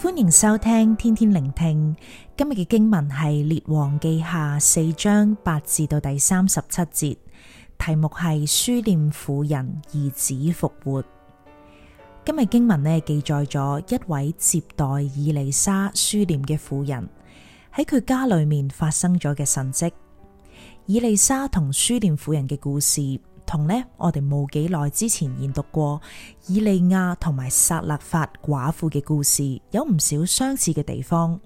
歡迎收聽天天靈聽。今日嘅經文係列王記下四章八至到第三十七節，題目係書念婦人兒子復活。今日經文呢，記載咗一位接待以利沙書念嘅婦人喺佢家裏面發生咗嘅神蹟。以利沙同書念婦人嘅故事。同呢，我哋冇幾耐之前研讀過以利亞同埋撒勒法寡婦嘅故事，有唔少相似嘅地方。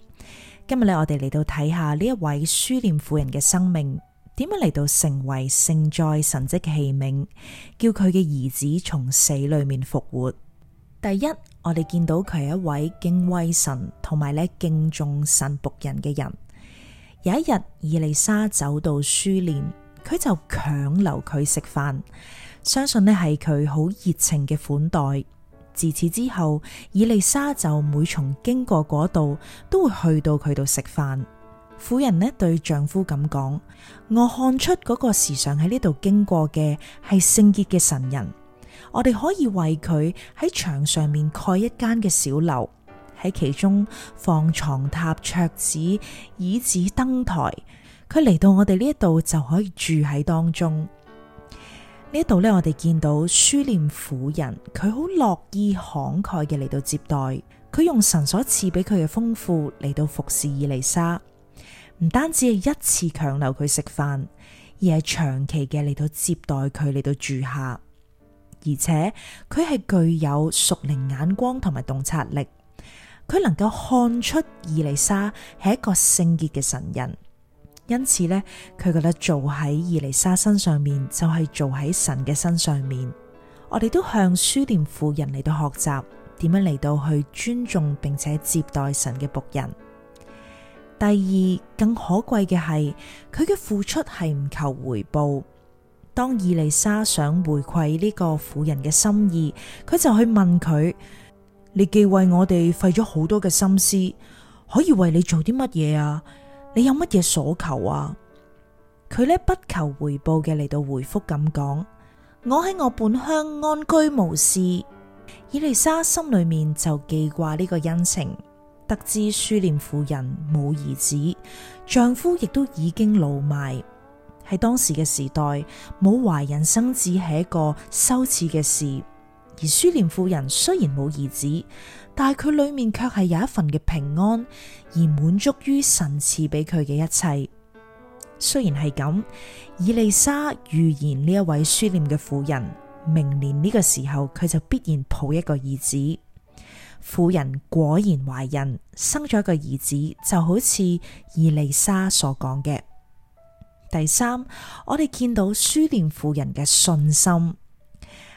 今日呢，我哋嚟到睇下呢一位書念婦人嘅生命，點樣嚟到成為盛載神蹟嘅器皿，叫佢嘅兒子從死裡面復活。第一，我哋見到佢係一位敬畏神同埋呢敬重神僕人嘅人。有一日，以利沙走到書念。佢就強留佢食飯，相信呢係佢好熱情嘅款待。自此之後，以利沙就每從經過嗰度，都會去到佢度食飯。婦人呢對丈夫咁講：我看出嗰個時常喺呢度經過嘅係聖潔嘅神人，我哋可以為佢喺牆上面蓋一間嘅小樓，喺其中放床榻、桌子、椅子、燈台。佢嚟到我哋呢一度就可以住喺當中呢一度咧。我哋見到書念婦人，佢好樂意慷慨嘅嚟到接待佢，用神所賜俾佢嘅豐富嚟到服侍以利沙。唔單止係一次強留佢食飯，而係長期嘅嚟到接待佢嚟到住下，而且佢係具有屬靈眼光同埋洞察力，佢能夠看出以利沙係一個聖潔嘅神人。因此呢佢覺得做喺以利沙身上面，就係、是、做喺神嘅身上面。我哋都向書念婦人嚟到學習，點樣嚟到去尊重並且接待神嘅僕人。第二更可貴嘅係，佢嘅付出係唔求回報。當以利沙想回饋呢個婦人嘅心意，佢就去問佢：你既為我哋費咗好多嘅心思，可以為你做啲乜嘢啊？你有乜嘢所求啊？佢呢不求回報嘅嚟到回復咁講，我喺我本鄉安居無事。以利沙心裏面就記掛呢個恩情，得知書念婦人冇兒子，丈夫亦都已經老邁。喺當時嘅時代，冇懷孕生子係一個羞恥嘅事，而書念婦人雖然冇兒子，但係佢裏面卻係有一份嘅平安，而滿足於神賜俾佢嘅一切。雖然係咁，以利沙預言呢一位書念嘅婦人，明年呢個時候佢就必然抱一個兒子。婦人果然懷孕，生咗一個兒子，就好似以利沙所講嘅。第三，我哋見到書念婦人嘅信心。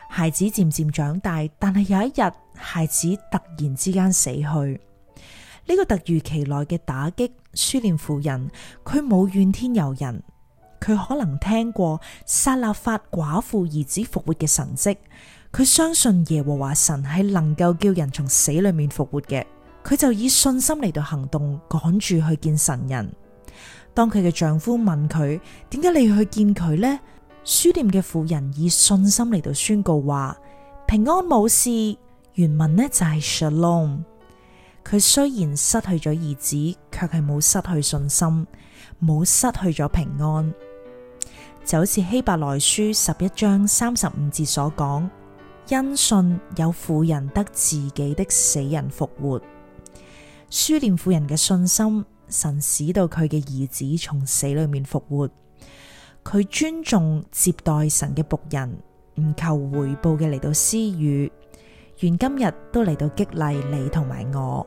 孩子漸漸長大，但係有一日，孩子突然之間死去。呢、這個突如其來嘅打擊，書念婦人佢冇怨天尤人。佢可能聽過撒勒法寡婦兒子復活嘅神蹟，佢相信耶和華神係能夠叫人從死裏面復活嘅。佢就以信心嚟到行動，趕住去見神人。當佢嘅丈夫問佢「點解你要去見佢呢？」書念嘅婦人以信心嚟到宣告話平安冇事。原文呢就係 Shalom。佢雖然失去咗兒子，卻係冇失去信心，冇失去咗平安。就好似希伯來書十一章三十五節所講：因信有婦人得自己的死人復活。書念婦人嘅信心，神使到佢嘅兒子從死裏面復活。佢尊重接待神嘅僕人，唔求回報嘅嚟到施予，願今日都嚟到激勵你同埋我。